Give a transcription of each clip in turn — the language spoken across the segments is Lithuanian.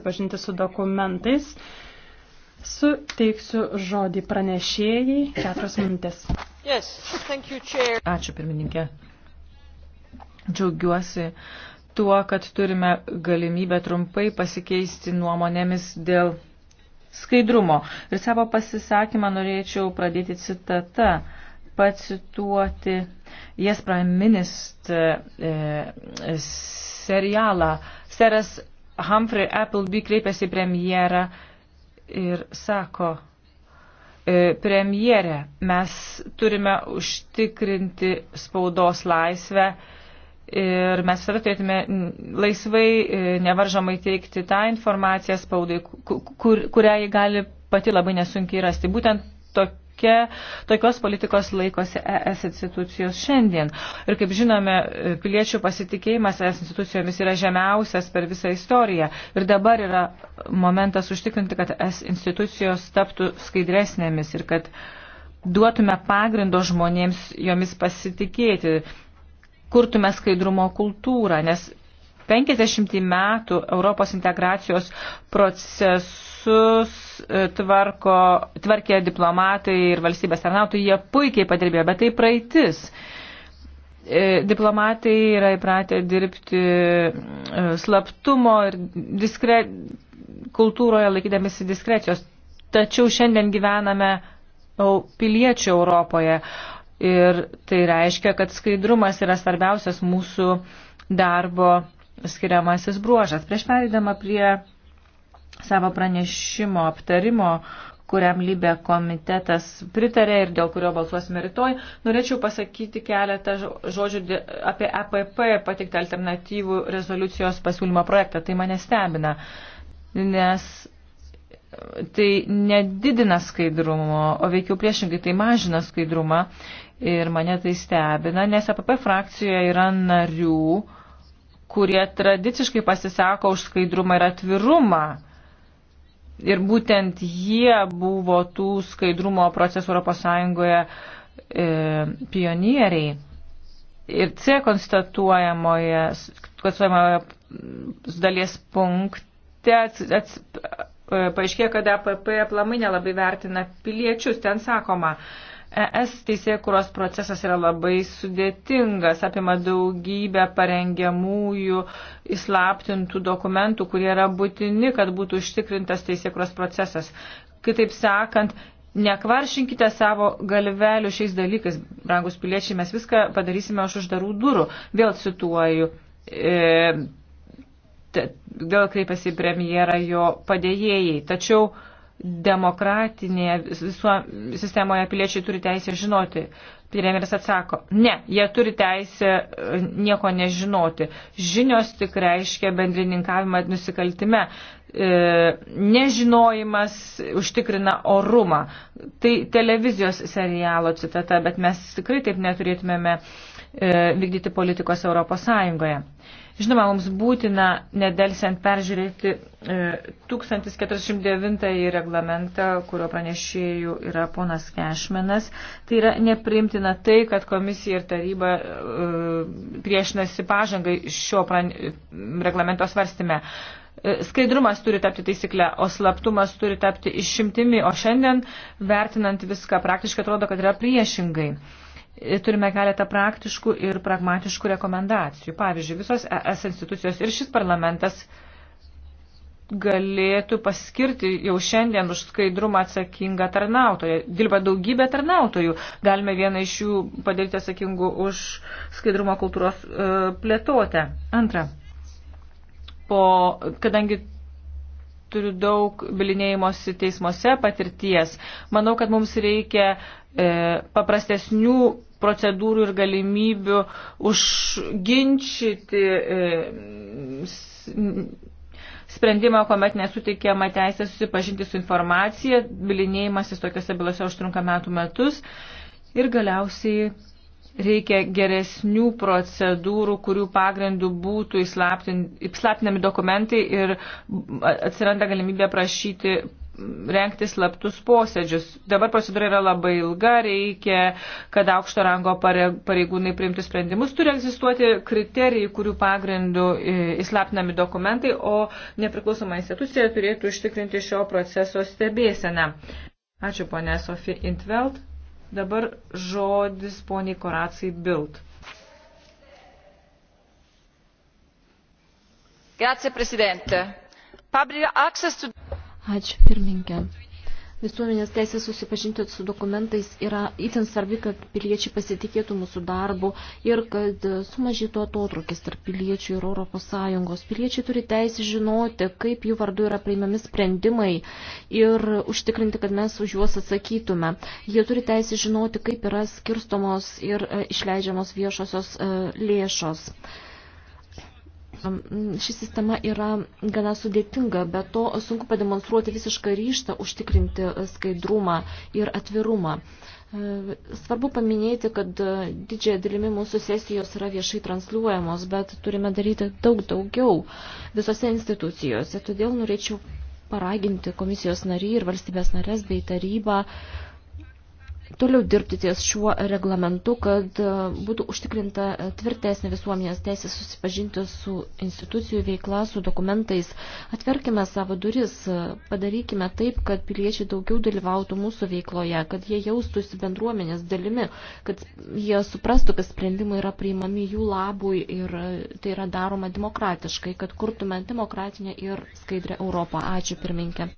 susipažinti su dokumentais. Suteiksiu žodį pranešėjai keturios minutės. Yes, thank you, chair. Ačiū pirmininkė. Džiaugiuosi tuo, kad turime galimybę trumpai pasikeisti nuomonėmis dėl skaidrumo. Ir savo pasisakymą norėčiau pradėti citata pacituoti Jesprime Minist e, serialą. Seras Humphrey Appleby kreipėsi premjerą ir sako, e, premjerė, mes turime užtikrinti spaudos laisvę ir mes visada turėtume laisvai, e, nevaržomai teikti tą informaciją spaudai, kur, kurią jį gali pati labai nesunkiai rasti. Būtent tokia tokia, tokios politikos laikosi ES institucijos šiandien. Ir kaip žinome, piliečių pasitikėjimas ES institucijomis yra žemiausias per visą istoriją. Ir dabar yra momentas užtikrinti, kad ES institucijos taptų skaidresnėmis ir kad duotume pagrindo žmonėms jomis pasitikėti, kurtume skaidrumo kultūrą, nes 50 metų Europos integracijos procesų procesus e, tvarko, tvarkė diplomatai ir valstybės tarnautojai, jie puikiai padirbėjo, bet tai praeitis. E, diplomatai yra įpratę dirbti e, slaptumo ir diskre... kultūroje laikydamėsi diskrecijos. Tačiau šiandien gyvename piliečių Europoje ir tai reiškia, kad skaidrumas yra svarbiausias mūsų darbo skiriamasis bruožas. Prieš perėdama prie savo pranešimo aptarimo, kuriam Libė komitetas pritarė ir dėl kurio balsuosime rytoj. Norėčiau pasakyti keletą žodžių apie EPP patiktą alternatyvų rezoliucijos pasiūlymo projektą. Tai mane stebina, nes tai nedidina skaidrumo, o veikiau priešingai tai mažina skaidrumą ir mane tai stebina, nes EPP frakcijoje yra narių kurie tradiciškai pasisako už skaidrumą ir atvirumą ir būtent jie buvo tų skaidrumo procesų ES e, pionieriai. Ir C konstatuojamoje, konstatuojamoje dalies punkte ats, ats, e, paaiškėjo, kad APP e aplamai nelabai vertina piliečius. Ten sakoma, ES teisėkuros procesas yra labai sudėtingas, apima daugybę parengiamųjų įslaptintų dokumentų, kurie yra būtini, kad būtų užtikrintas teisėkuros procesas. Kitaip sakant, nekvaršinkite savo galvelių šiais dalykais, brangus piliečiai, mes viską padarysime už uždarų durų. Vėl cituoju. E, Vėl kreipiasi premjera jo padėjėjai. Tačiau uh, demokratinėje visuo, sistemoje piliečiai turi teisę žinoti. Premjeras atsako, ne, jie turi teisę e, nieko nežinoti. Žinios tik reiškia bendrininkavimą nusikaltime. Nežinojimas užtikrina orumą. Tai televizijos serialo citata, bet mes tikrai taip neturėtumėme e, vykdyti politikos Europos Sąjungoje. Žinoma, mums būtina nedelsiant peržiūrėti 1049 e, reglamentą, kurio pranešėjų yra ponas Kešmenas. Tai yra neprimtina tai, kad komisija ir taryba e, priešinasi pažangai šio prane... reglamento svarstime. E, skaidrumas turi tapti taisyklę, o slaptumas turi tapti išimtimi, o šiandien vertinant viską praktiškai atrodo, kad yra priešingai turime keletą praktiškų ir pragmatiškų rekomendacijų. Pavyzdžiui, visos ES institucijos ir šis parlamentas galėtų paskirti jau šiandien už skaidrumą atsakingą tarnautoją. Dirba daugybė tarnautojų. Galime vieną iš jų padaryti atsakingų už skaidrumo kultūros e, plėtotę. Antra. Po, kadangi turiu daug bilinėjimosi teismuose patirties, manau, kad mums reikia e, paprastesnių procedūrų ir galimybių užginčyti e, sprendimą, kuomet nesuteikiama teisė susipažinti su informacija, bilinėjimasis tokiuose bylose užtrunka metų metus ir galiausiai reikia geresnių procedūrų, kurių pagrindų būtų įslaptinami dokumentai ir atsiranda galimybė prašyti renkti slaptus posėdžius. Dabar procedūra yra labai ilga, reikia, kad aukšto rango pareigūnai priimtų sprendimus. Turi egzistuoti kriterijai, kurių pagrindų e, įslaptinami dokumentai, o nepriklausoma institucija turėtų užtikrinti šio proceso stebėseną. Ačiū, ponė Sofija Intveld. Dabar žodis poniai Koracijai Bild. Grazie, Presidente. Public access to... Ačiū pirmininkė. Visuomenės teisė susipažinti su dokumentais yra itin svarbi, kad piliečiai pasitikėtų mūsų darbu ir kad sumažytų atotrukis tarp piliečių ir Europos Sąjungos. Piliečiai turi teisę žinoti, kaip jų vardu yra priimami sprendimai ir užtikrinti, kad mes už juos atsakytume. Jie turi teisę žinoti, kaip yra skirstomos ir e, išleidžiamos viešosios e, lėšos. Uh, Ši sistema yra gana sudėtinga, bet to sunku pademonstruoti visišką ryštą, užtikrinti e, skaidrumą ir atvirumą. E, svarbu paminėti, kad e, didžiąją dalimi mūsų sesijos yra viešai transliuojamos, bet turime daryti daug daugiau visose institucijose. Todėl norėčiau paraginti komisijos narį ir valstybės narės bei tarybą uh, toliau dirbti ties šiuo reglamentu, kad e, būtų užtikrinta e, tvirtesnė visuomenės teisė susipažinti su institucijų veikla, su dokumentais. Atverkime savo duris, e, padarykime taip, kad piliečiai daugiau dalyvautų mūsų veikloje, kad jie jaustųsi bendruomenės dalimi, kad jie suprastų, kad sprendimai yra priimami jų labui ir tai yra daroma demokratiškai, kad kurtume demokratinę ir skaidrę Europą. Ačiū pirminkė.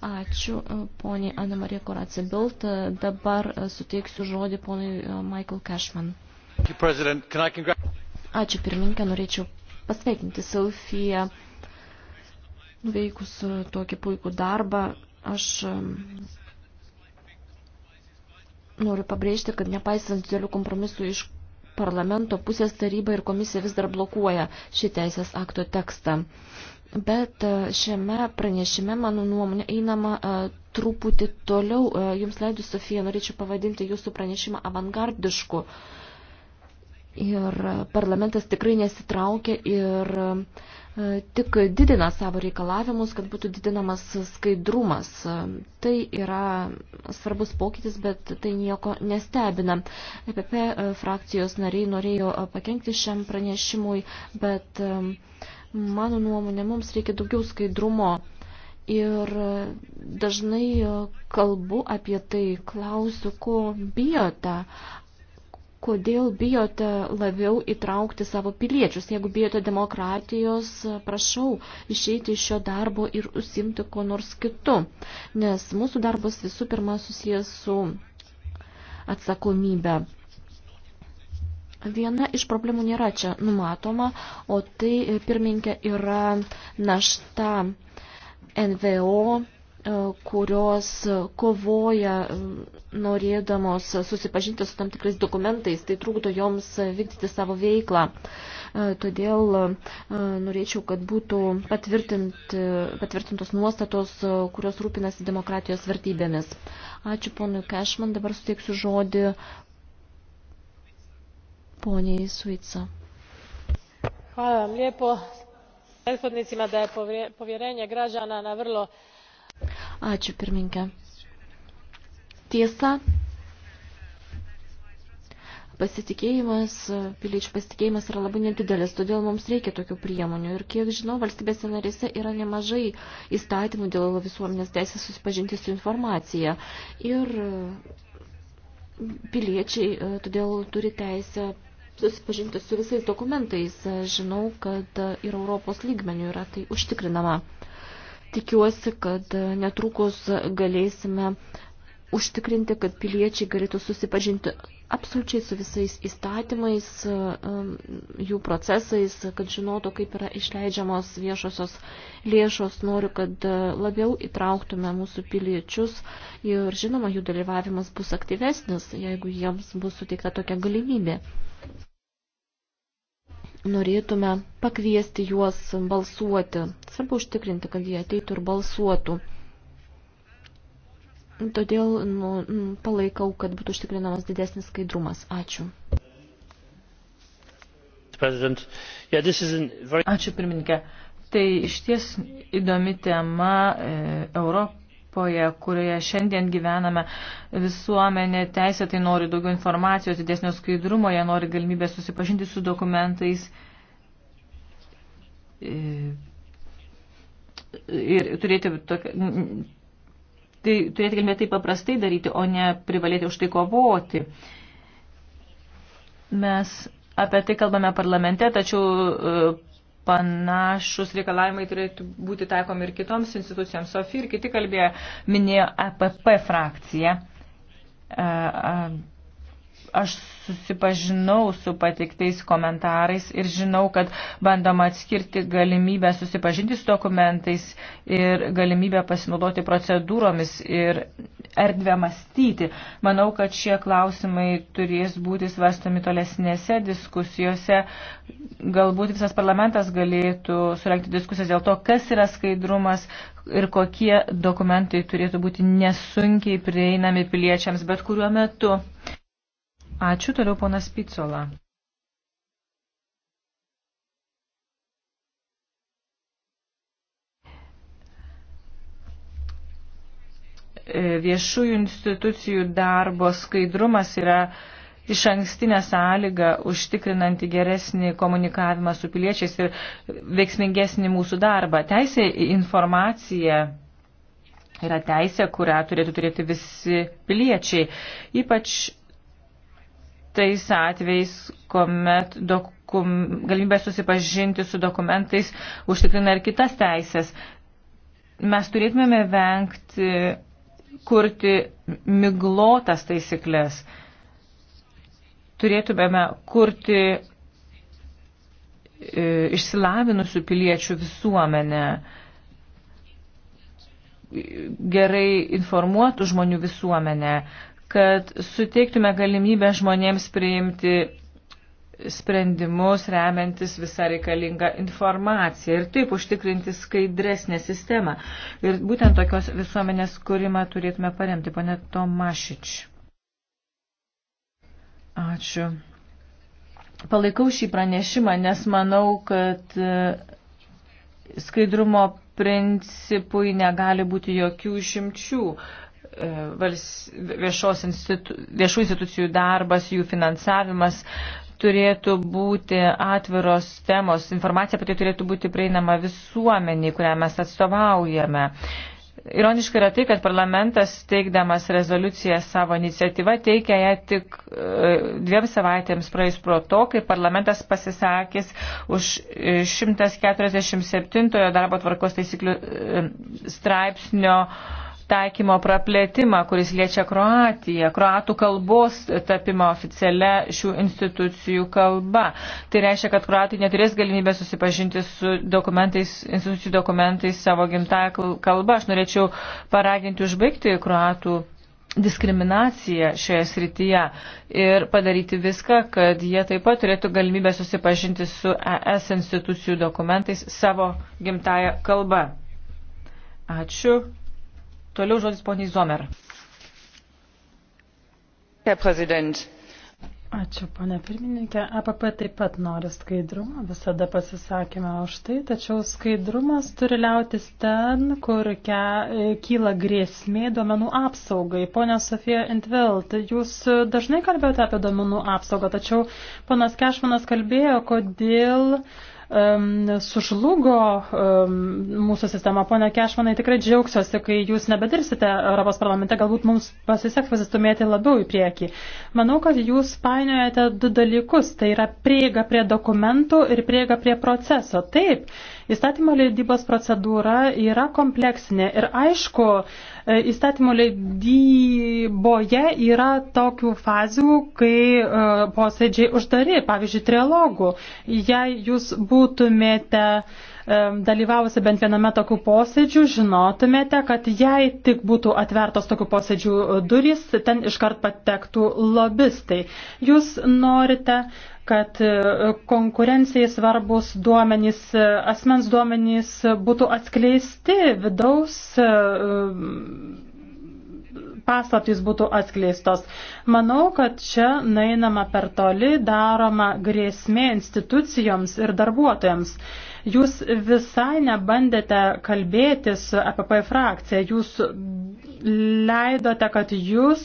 Ačiū, e, poniai Ana Marija Koracibilt. E, dabar e, suteiksiu žodį ponui Michael Cashman. Ačiū, pirmininkė, norėčiau pasveikinti Silfiją, nuveikus tokį puikų darbą. Aš noriu pabrėžti, kad nepaisant didelių kompromisų iš parlamento pusės taryba ir komisija vis dar blokuoja šį teisės akto tekstą. Bet e, šiame pranešime, mano nuomonė, einama e, truputį toliau. E, jums leidus, Sofija, norėčiau pavadinti jūsų pranešimą avangardišku. Ir parlamentas tikrai nesitraukia ir tik didina savo reikalavimus, kad būtų didinamas skaidrumas. Tai yra svarbus pokytis, bet tai nieko nestebina. EPP frakcijos nariai norėjo pakengti šiam pranešimui, bet Mano nuomonė, mums reikia daugiau skaidrumo. Ir dažnai kalbu apie tai, klausiu, ko bijote, kodėl bijote labiau įtraukti savo piliečius. Jeigu bijote demokratijos, prašau išeiti iš šio darbo ir užsimti ko nors kitu. Nes mūsų darbas visų pirma susijęs su atsakomybė. Viena iš problemų nėra čia numatoma, o tai e, pirminkė yra našta NVO e, kurios kovoja e, norėdamos susipažinti su tam tikrais dokumentais, tai trukdo joms vykdyti savo veiklą. Todėl norėčiau, kad būtų patvirtint, patvirtintos nuostatos, kurios rūpinasi demokratijos vertybėmis. Ačiū ponui Kešman, dabar suteiksiu žodį poniai Suica. Hvala vam lijepo prethodnicima da je povjerenje građana na vrlo. Ačiū pirmininkė. Tiesa, pasitikėjimas, piliečių pasitikėjimas yra labai nedidelis, todėl mums reikia tokių priemonių. Ir kiek žinau, valstybėse narėse yra nemažai įstatymų dėl visuomenės teisės susipažinti su informacija. Ir piliečiai todėl turi teisę susipažinti su visais dokumentais. Žinau, kad ir Europos lygmenių yra tai užtikrinama. Tikiuosi, kad netrukus galėsime užtikrinti, kad piliečiai galėtų susipažinti absoliučiai su visais įstatymais, um, jų procesais, kad žinotų, kaip yra išleidžiamos viešosios lėšos. Noriu, kad labiau įtrauktume mūsų piliečius ir žinoma, jų dalyvavimas bus aktyvesnis, jeigu jiems bus suteikta tokia galimybė norėtume pakviesti juos balsuoti. Svarbu užtikrinti, kad jie ateitų ir balsuotų. Todėl nu, palaikau, kad būtų užtikrinamas didesnis skaidrumas. Ačiū. Ačiū pirmininkė. Tai iš ties įdomi tema e, Europos Europoje, kurioje šiandien gyvename, visuomenė teisėtai nori daugiau informacijos, didesnio skaidrumo, jie nori galimybę susipažinti su dokumentais e, ir turėti tokią. Tai turėti galimybę tai paprastai daryti, o ne privalėti už tai kovoti. Mes apie tai kalbame parlamente, tačiau e, panašus reikalavimai turėtų būti taikomi ir kitoms institucijoms. Sofija ir kiti kalbėjo, minėjo EPP frakciją. E, e, Aš susipažinau su patiktais komentarais ir žinau, kad bandoma atskirti galimybę susipažinti su dokumentais ir galimybę pasinaudoti procedūromis ir erdvę mąstyti. Manau, kad šie klausimai turės būti svarstami tolesnėse diskusijose. Galbūt visas parlamentas galėtų surenkti diskusijas dėl to, kas yra skaidrumas ir kokie dokumentai turėtų būti nesunkiai prieinami piliečiams bet kuriuo metu. Ačiū toliau ponas Picola. E, viešųjų institucijų darbo skaidrumas yra iš ankstinę sąlygą užtikrinanti geresnį komunikavimą su piliečiais ir veiksmingesnį mūsų darbą. Teisė į informaciją yra teisė, kurią turėtų turėti visi piliečiai. Ypač tais atvejais, kuomet dokum, galimybė susipažinti su dokumentais užtikrina ir kitas teisės. Mes turėtumėme vengti kurti miglotas taisyklės. Turėtumėme kurti e, išsilavinusių piliečių visuomenę, gerai informuotų žmonių visuomenę, kad suteiktume galimybę žmonėms priimti sprendimus remiantis visą reikalingą informaciją ir taip užtikrinti skaidresnę sistemą. Ir būtent tokios visuomenės kūrimą turėtume paremti, pane Tomašič. Ačiū. Palaikau šį pranešimą, nes manau, kad e, skaidrumo principui negali būti jokių išimčių. Uh, E, viešos institu, viešų institucijų darbas, jų finansavimas turėtų būti atviros temos, informacija apie tai turėtų būti prieinama visuomeniai, kurią mes atstovaujame. Ironiška yra tai, kad parlamentas, teikdamas rezoliuciją savo iniciatyvą, teikia ją tik e, dviem savaitėms praeis pro to, kai parlamentas pasisakys už 147 darbo tvarkos taisyklių e, straipsnio uh, taikymo praplėtimą, kuris liečia Kroatiją, kroatų kalbos tapimą oficialia šių institucijų kalba. Tai reiškia, kad kroatai neturės galimybę susipažinti su dokumentais, institucijų dokumentais savo gimtąją kalbą. Aš norėčiau paraginti užbaigti kroatų diskriminaciją šioje srityje ir padaryti viską, kad jie taip pat turėtų galimybę susipažinti su ES institucijų dokumentais savo gimtają kalbą. Ačiū. Toliau žodis poniai Zomer. Ačiū, ponė pirmininkė. APP taip pat nori skaidrumo, visada pasisakėme už tai, tačiau skaidrumas turi liautis ten, kur ke, kyla grėsmė duomenų apsaugai. Pone Sofija Entvelt, jūs dažnai kalbėjote apie duomenų apsaugą, tačiau ponas Kešmanas kalbėjo, kodėl uh, sužlugo mūsų sistema. Pone Kešmanai, tikrai džiaugsiuosi, kai jūs nebedirsite Europos parlamente, galbūt mums pasiseks pasistumėti labiau į priekį. Manau, kad jūs painiojate du dalykus, tai yra prieiga prie dokumentų ir prieiga prie proceso. Taip, įstatymo leidybos procedūra yra kompleksinė ir aišku, E, Įstatymų leidyboje yra tokių fazių, kai e, posėdžiai uždari, pavyzdžiui, trilogų. Jei jūs būtumėte e, dalyvavusi bent viename tokių posėdžių, žinotumėte, kad jei tik būtų atvertos tokių posėdžių durys, ten iškart patektų lobistai. Jūs norite uh, kad e, konkurencijai svarbus duomenys, e, asmens duomenys būtų atskleisti, vidaus e, paslaptys būtų atskleistos. Manau, kad čia nainama per toli, daroma grėsmė institucijoms ir darbuotojams. Jūs visai nebandėte kalbėti su APP frakcija, jūs leidote, kad jūs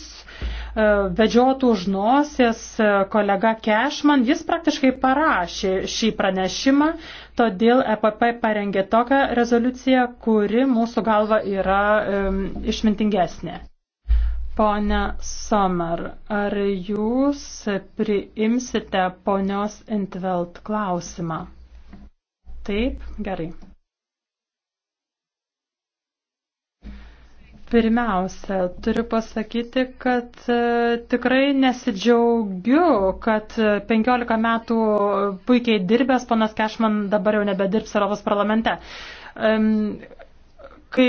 E, vedžiotų už nosies e, kolega Kešman, jis praktiškai parašė šį pranešimą, todėl EPP parengė tokią rezoliuciją, kuri mūsų galva yra um, išmintingesnė. Pone Somer, ar jūs priimsite ponios Intvelt klausimą? Taip, gerai. Pirmiausia, turiu pasakyti, kad e, tikrai nesidžiaugiu, kad 15 metų puikiai dirbęs ponas Kešman dabar jau nebedirbs Europos parlamente. Kai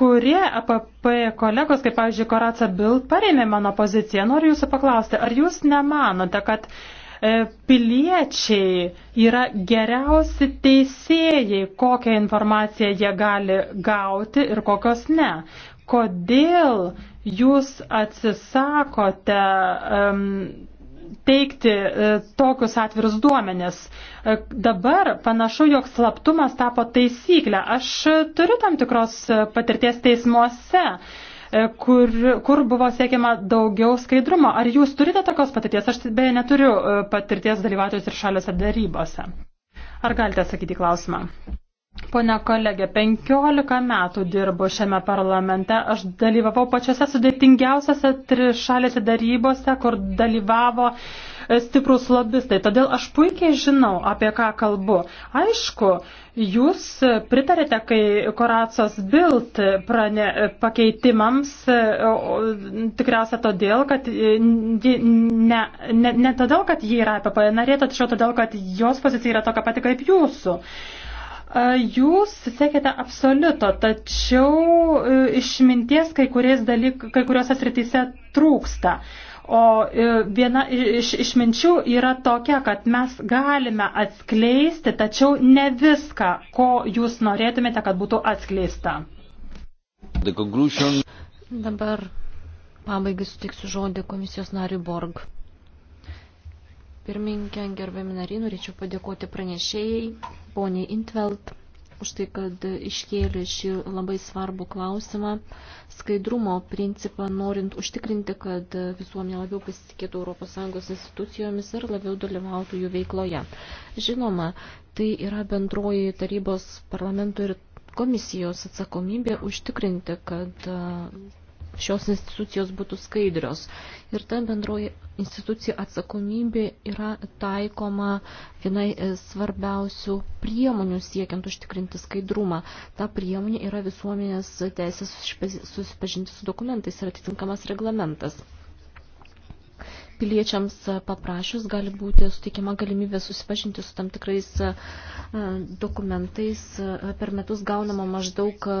kurie APP kolegos, kaip pavyzdžiui Koraca Bild, parėmė mano poziciją, noriu jūsų paklausti, ar jūs nemanote, kad E, piliečiai yra geriausi teisėjai, kokią informaciją jie gali gauti ir kokios ne. Kodėl jūs atsisakote um, teikti e, tokius atvirus duomenis. E, dabar panašu, jog slaptumas tapo taisyklę. Aš turiu tam tikros patirties teismuose. E, kur, kur buvo siekiama daugiau skaidrumo. Ar jūs turite tokios patirties? Aš beje neturiu e, patirties dalyvauti ir šaliuose darybose. Ar galite atsakyti klausimą? Pone kolegė, 15 metų dirbu šiame parlamente. Aš dalyvavau pačiose sudėtingiausiose trišalėse darybose, kur dalyvavo uh, stiprus lobistai. Todėl aš puikiai žinau, apie ką kalbu. Aišku, jūs pritarėte, kai Koracos Bild prane, pakeitimams, e, tikriausia todėl, kad e, ne, ne, ne todėl, kad jie yra APP narė, tačiau todėl, kad jos pozicija yra tokia pati kaip jūsų. E, jūs siekite absoliuto, tačiau išminties kai, dalyk, kai kuriuose srityse trūksta. O e, viena iš išminčių yra tokia, kad mes galime atskleisti, tačiau ne viską, ko jūs norėtumėte, kad būtų atskleista. Dabar pabaigai sutiksiu žodį komisijos nariui Borg. Pirmininkė, gerbėmi nariai, norėčiau padėkoti pranešėjai, poniai Intveld už tai, kad iškėlė šį labai svarbų klausimą. Skaidrumo principą norint užtikrinti, kad visuomenė labiau pasitikėtų ES institucijomis ir labiau dalyvautų jų veikloje. Žinoma, tai yra bendroji tarybos parlamento ir komisijos atsakomybė užtikrinti, kad šios institucijos būtų skaidrios. Ir ta bendroji institucija atsakomybė yra taikoma vienai e, svarbiausių priemonių siekiant užtikrinti skaidrumą. Ta priemonė yra visuomenės teisės susipažinti su dokumentais ir atitinkamas reglamentas piliečiams paprašius gali būti sutikima galimybė susipažinti su tam tikrais e, dokumentais. E, per metus gaunama maždaug e,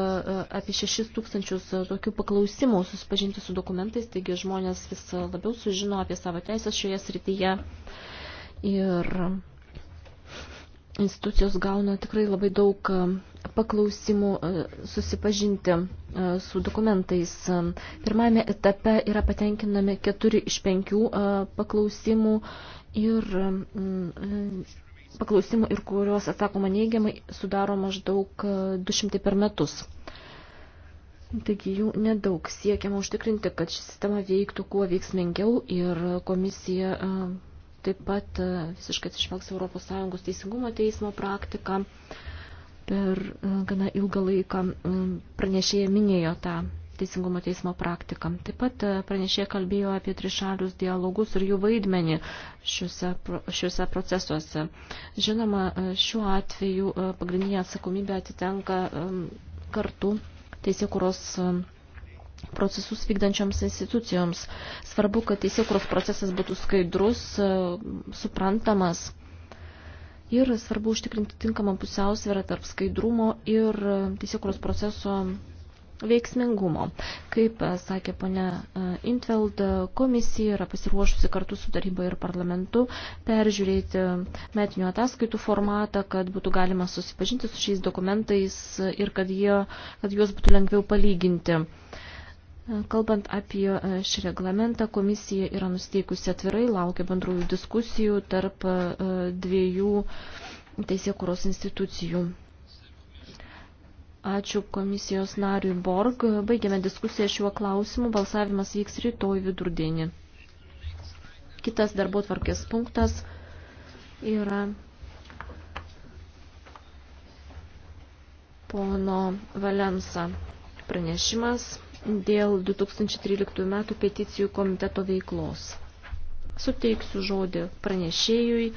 apie 6 tūkstančius tokių paklausimų susipažinti su dokumentais, taigi žmonės vis labiau sužino apie savo teisės šioje srityje. Ir institucijos gauna tikrai labai daug e, paklausimų e, susipažinti e, su dokumentais. Pirmame etape yra patenkinami keturi iš penkių paklausimų ir mm, paklausimų ir kuriuos atsakoma neigiamai sudaro maždaug 200 per metus. Taigi jų nedaug siekiama užtikrinti, kad ši sistema veiktų kuo veiksmingiau ir komisija taip pat e, visiškai atsižvelgs ES teisingumo teismo praktiką. Per e, gana ilgą laiką e, pranešėja minėjo tą teisingumo teismo praktiką. Taip pat pranešėja kalbėjo apie trišalius dialogus ir jų vaidmenį šiuose, šiuose procesuose. Žinoma, šiuo atveju pagrindinė atsakomybė atitenka kartu teisėkuros kuros procesus vykdančioms institucijoms. Svarbu, kad teisėkuros procesas būtų skaidrus, e, suprantamas ir svarbu užtikrinti tinkamą pusiausvyrą tarp skaidrumo ir teisėkuros proceso veiksmingumo. Kaip e, sakė ponia e, Intveld, komisija yra pasiruošusi kartu su taryba ir parlamentu peržiūrėti metinių ataskaitų formatą, kad būtų galima susipažinti su šiais dokumentais ir kad, jie, kad juos būtų lengviau palyginti. Kalbant apie šį reglamentą, komisija yra nusteikusi atvirai, laukia bendrųjų diskusijų tarp dviejų teisėkuros institucijų. Ačiū komisijos nariui Borg. Baigiame diskusiją šiuo klausimu. Balsavimas vyks rytoj vidurdienį. Kitas darbo tvarkės punktas yra pono Valensa pranešimas dėl 2013 metų peticijų komiteto veiklos. Suteiksiu žodį pranešėjui,